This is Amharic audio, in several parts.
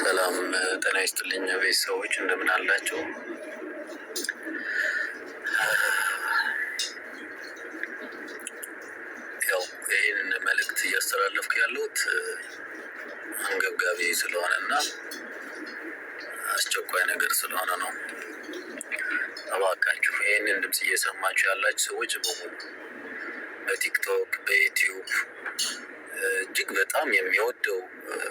ሰላም ጤና ይስጥልኝ ቤተሰቦች እንደምን አላቸው? ያው ይህን መልእክት እያስተላለፍኩ ያለሁት አንገብጋቢ ስለሆነ እና አስቸኳይ ነገር ስለሆነ ነው። እባካችሁ ይህንን ድምፅ እየሰማችሁ ያላችሁ ሰዎች በሙሉ በቲክቶክ በዩቲዩብ እጅግ በጣም የሚወደው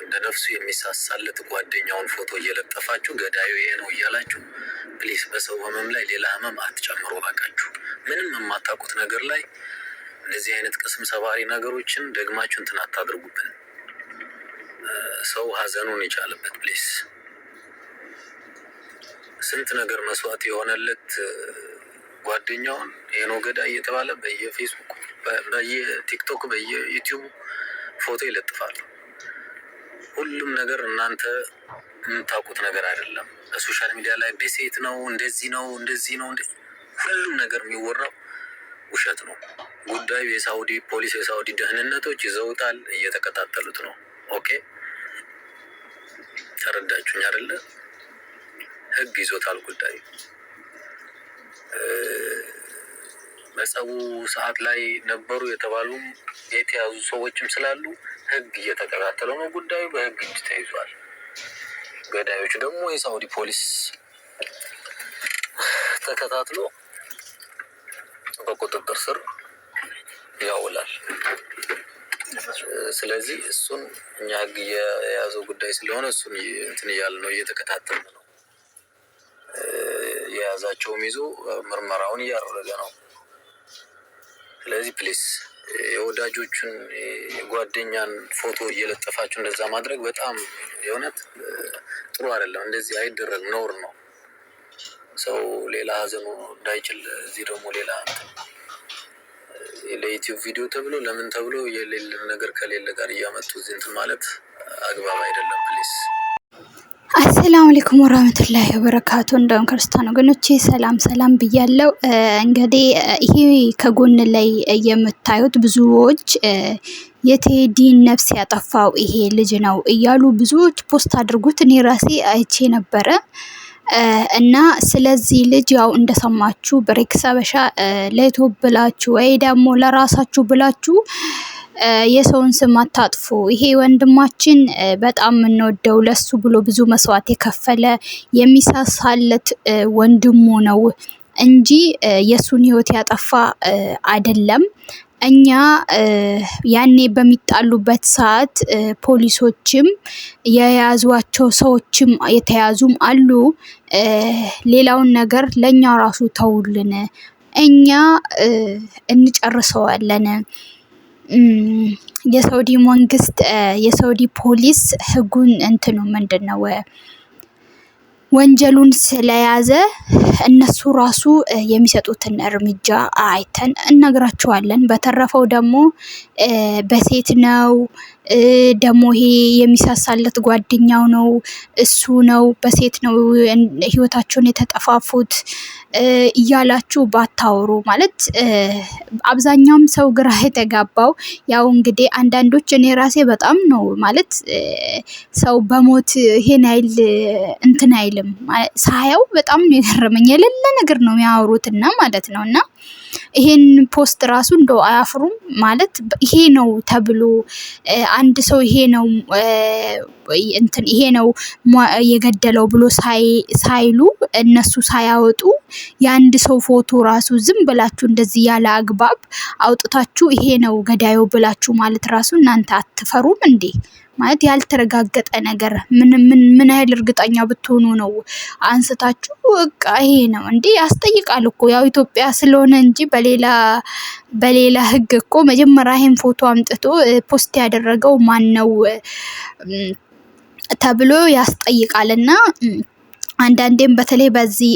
እንደ ነፍሱ የሚሳሳለት ጓደኛውን ፎቶ እየለጠፋችሁ ገዳዩ ይሄ ነው እያላችሁ ፕሊስ፣ በሰው ህመም ላይ ሌላ ህመም አትጨምሩ እባካችሁ። ምንም የማታውቁት ነገር ላይ እንደዚህ አይነት ቅስም ሰባሪ ነገሮችን ደግማችሁ እንትን አታድርጉብን። ሰው ሀዘኑን የቻለበት ፕሊስ። ስንት ነገር መስዋዕት የሆነለት ጓደኛውን ይሄ ነው ገዳይ እየተባለ በየፌስቡክ፣ በየቲክቶክ፣ በየዩቲዩብ ፎቶ ይለጥፋሉ። ሁሉም ነገር እናንተ የምታውቁት ነገር አይደለም። በሶሻል ሚዲያ ላይ ቤሴት ነው እንደዚህ ነው እንደዚህ ነው ሁሉም ነገር የሚወራው ውሸት ነው። ጉዳዩ የሳውዲ ፖሊስ የሳውዲ ደህንነቶች ይዘውታል፣ እየተከታተሉት ነው። ኦኬ ተረዳችሁኝ አይደለ? ህግ ይዞታል ጉዳዩ። በጸቡ ሰዓት ላይ ነበሩ የተባሉም የተያዙ ሰዎችም ስላሉ ህግ እየተከታተለው ነው። ጉዳዩ በህግ እጅ ተይዟል። ገዳዮች ደግሞ የሳውዲ ፖሊስ ተከታትሎ በቁጥጥር ስር ያውላል። ስለዚህ እሱን እኛ ህግ የያዘው ጉዳይ ስለሆነ እሱን እንትን እያል ነው እየተከታተል ነው። የያዛቸውም ይዞ ምርመራውን እያደረገ ነው። ስለዚህ ፕሊስ የወዳጆቹን ጓደኛን ፎቶ እየለጠፋችሁ እንደዛ ማድረግ በጣም የእውነት ጥሩ አይደለም። እንደዚህ አይደረግ፣ ነውር ነው። ሰው ሌላ ሀዘኑ እንዳይችል እዚህ ደግሞ ሌላ ለዩቲዩብ ቪዲዮ ተብሎ ለምን ተብሎ የሌለን ነገር ከሌለ ጋር እያመጡ እዚህ እንትን ማለት አግባብ አይደለም ፕሊስ። ሰላም አለይኩም ወራህመቱላሂ ወበረካቱ። እንደውም ክርስቲያን ወገኖቼ ሰላም ሰላም ብያለው። እንግዲህ ይሄ ከጎን ላይ የምታዩት ብዙዎች የቴዲን ነፍስ ያጠፋው ይሄ ልጅ ነው እያሉ ብዙዎች ፖስት አድርጉት። እኔ ራሴ አይቼ ነበረ እና ስለዚህ ልጅ ያው እንደሰማችሁ ብሬክስ አበሻ ለኢትዮፕ ብላችሁ ወይ ደግሞ ለራሳችሁ ብላችሁ የሰውን ስም አታጥፉ። ይሄ ወንድማችን በጣም የምንወደው ለሱ ብሎ ብዙ መስዋዕት የከፈለ የሚሳሳለት ወንድሙ ነው እንጂ የሱን ህይወት ያጠፋ አይደለም። እኛ ያኔ በሚጣሉበት ሰዓት ፖሊሶችም የያዟቸው ሰዎችም የተያዙም አሉ። ሌላውን ነገር ለእኛ ራሱ ተውልን፣ እኛ እንጨርሰዋለን። የሳውዲ መንግስት የሳውዲ ፖሊስ ህጉን እንትኑ ምንድን ነው ወንጀሉን ስለያዘ እነሱ ራሱ የሚሰጡትን እርምጃ አይተን እነግራችኋለን። በተረፈው ደግሞ በሴት ነው ደግሞ ይሄ የሚሳሳለት ጓደኛው ነው እሱ ነው በሴት ነው ህይወታቸውን የተጠፋፉት እያላችሁ ባታወሩ ማለት አብዛኛውም ሰው ግራ የተጋባው ያው እንግዲህ አንዳንዶች እኔ ራሴ በጣም ነው ማለት ሰው በሞት ይሄን አይል እንትን አይልም ሳያው በጣም ነው የገረመኝ የሌለ ነገር ነው የሚያወሩትና ማለት ነው እና ይሄን ፖስት ራሱ እንደው አያፍሩም ማለት ይሄ ነው ተብሎ አንድ ሰው ይሄ ነው እንትን ይሄ ነው የገደለው ብሎ ሳይሉ እነሱ ሳያወጡ የአንድ ሰው ፎቶ ራሱ ዝም ብላችሁ እንደዚህ ያለ አግባብ አውጥታችሁ ይሄ ነው ገዳዩ ብላችሁ ማለት ራሱ እናንተ አትፈሩም እንዴ? ማለት ያልተረጋገጠ ነገር ምን ያህል እርግጠኛ ብትሆኑ ነው አንስታችሁ በቃ ይሄ ነው እንዴ ያስጠይቃል እኮ ያው ኢትዮጵያ ስለሆነ እንጂ በሌላ በሌላ ህግ እኮ መጀመሪያ ይሄን ፎቶ አምጥቶ ፖስት ያደረገው ማን ነው? ተብሎ እና አንዳንዴም በተለይ በዚህ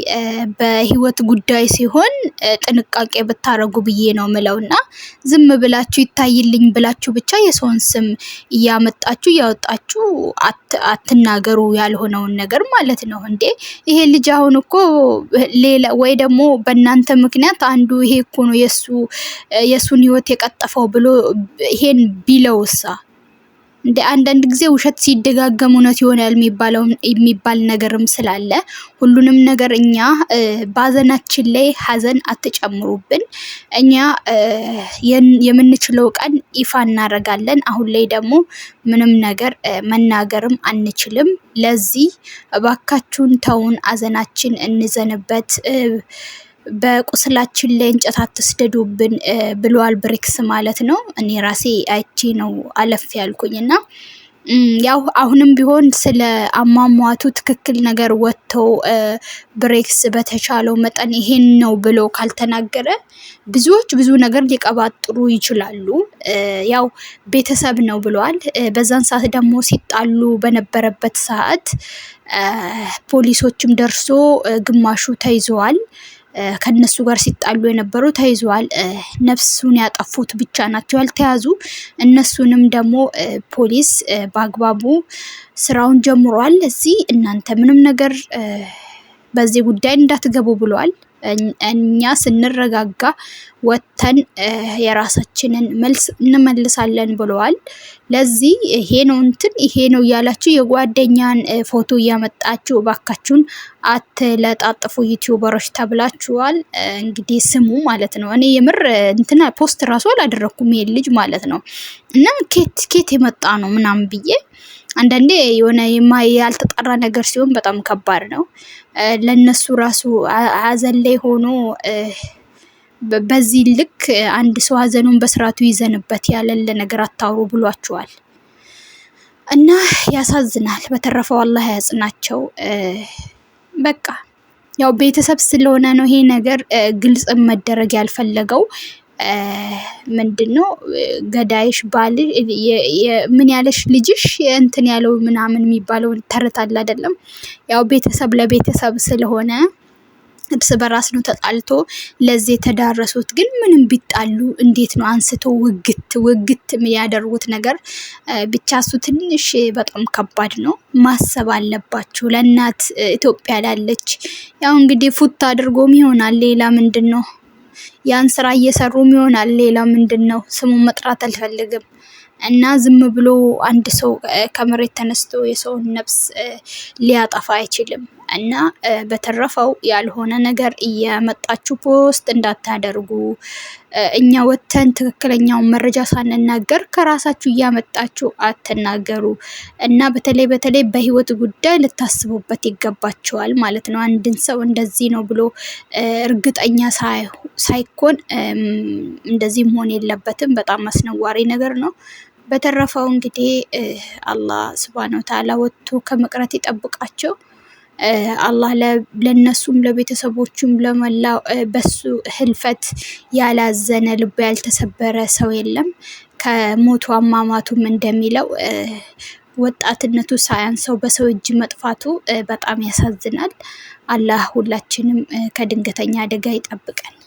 በህይወት ጉዳይ ሲሆን ጥንቃቄ ብታረጉ ብዬ ነው እና ዝም ብላችሁ ይታይልኝ ብላችሁ ብቻ የሰውን ስም እያመጣችሁ እያወጣችሁ አትናገሩ፣ ያልሆነውን ነገር ማለት ነው። እንዴ ይሄ ልጅ አሁን እኮ ሌላ ወይ ደግሞ በእናንተ ምክንያት አንዱ ይሄ እኮ ነው የእሱን ህይወት የቀጠፈው ብሎ ይሄን ቢለውሳ እንደ አንዳንድ ጊዜ ውሸት ሲደጋገም እውነት ይሆናል የሚባለው የሚባል ነገርም ስላለ ሁሉንም ነገር እኛ ባዘናችን ላይ ሀዘን አትጨምሩብን። እኛ የምንችለው ቀን ይፋ እናደርጋለን። አሁን ላይ ደግሞ ምንም ነገር መናገርም አንችልም። ለዚህ እባካችሁን ተውን፣ አዘናችን እንዘንበት። በቁስላችን ላይ እንጨት አትስደዱብን ብለዋል ብሪክስ ማለት ነው። እኔ ራሴ አይቼ ነው አለፍ እና ያው አሁንም ቢሆን ስለ አሟሟቱ ትክክል ነገር ወጥቶ ብሬክስ በተቻለው መጠን ይሄን ነው ብሎ ካልተናገረ ብዙዎች ብዙ ነገር ሊቀባጥሩ ይችላሉ። ያው ቤተሰብ ነው ብለዋል። በዛን ሰዓት ደግሞ ሲጣሉ በነበረበት ሰዓት ፖሊሶችም ደርሶ ግማሹ ተይዘዋል። ከነሱ ጋር ሲጣሉ የነበሩ ተይዘዋል። ነፍሱን ያጠፉት ብቻ ናቸው ያልተያዙ። እነሱንም ደግሞ ፖሊስ በአግባቡ ስራውን ጀምሯል። እዚህ እናንተ ምንም ነገር በዚህ ጉዳይ እንዳትገቡ ብለዋል። እኛ ስንረጋጋ ወጥተን የራሳችንን መልስ እንመልሳለን ብለዋል። ለዚህ ይሄ ነው እንትን ይሄ ነው እያላችሁ የጓደኛን ፎቶ እያመጣችሁ እባካችሁን አትለጣጥፉ ዩቲዩበሮች ተብላችኋል። እንግዲህ ስሙ ማለት ነው። እኔ የምር እንትና ፖስት ራሱ አላደረግኩም ይሄን ልጅ ማለት ነው። እና ኬት ኬት የመጣ ነው ምናምን ብዬ አንዳንዴ የሆነ ያልተጠራ ነገር ሲሆን በጣም ከባድ ነው። ለነሱ ራሱ ሀዘን ላይ ሆኖ በዚህ ልክ አንድ ሰው ሀዘኑን በስርዓቱ ይዘንበት ያለለ ነገር አታውሩ ብሏቸዋል እና ያሳዝናል። በተረፈው አላህ ያጽናቸው። በቃ ያው ቤተሰብ ስለሆነ ነው ይሄ ነገር ግልጽ መደረግ ያልፈለገው። ምንድን ነው ገዳይሽ ባል ምን ያለሽ ልጅሽ እንትን ያለው ምናምን የሚባለውን ተረት አይደለም። ያው ቤተሰብ ለቤተሰብ ስለሆነ እርስ በራስ ነው ተጣልቶ ለዚህ የተዳረሱት። ግን ምንም ቢጣሉ እንዴት ነው አንስቶ ውግት ውግት የሚያደርጉት ነገር ብቻ እሱ ትንሽ በጣም ከባድ ነው። ማሰብ አለባችሁ ለእናት ኢትዮጵያ ላለች ያው እንግዲህ ፉት አድርጎም ይሆናል ሌላ ምንድን ነው ያን ስራ እየሰሩም ይሆናል። ሌላ ምንድን ነው ስሙን መጥራት አልፈልግም። እና ዝም ብሎ አንድ ሰው ከመሬት ተነስቶ የሰውን ነፍስ ሊያጠፋ አይችልም እና በተረፈው ያልሆነ ነገር እየመጣችሁ ፖስት እንዳታደርጉ። እኛ ወተን ትክክለኛውን መረጃ ሳንናገር ከራሳችሁ እያመጣችሁ አትናገሩ እና በተለይ በተለይ በህይወት ጉዳይ ልታስቡበት ይገባቸዋል ማለት ነው። አንድን ሰው እንደዚህ ነው ብሎ እርግጠኛ ሳይኮን እንደዚህ መሆን የለበትም። በጣም አስነዋሪ ነገር ነው። በተረፈው እንግዲህ አላህ ስብሃነ ወተዓላ ወጥቶ ከመቅረት ይጠብቃቸው። አላህ ለነሱም ለቤተሰቦቹም ለመላው በሱ ህልፈት ያላዘነ ልቡ ያልተሰበረ ሰው የለም። ከሞቱ አሟሟቱም እንደሚለው ወጣትነቱ ሳያንሰው በሰው እጅ መጥፋቱ በጣም ያሳዝናል። አላህ ሁላችንም ከድንገተኛ አደጋ ይጠብቀን።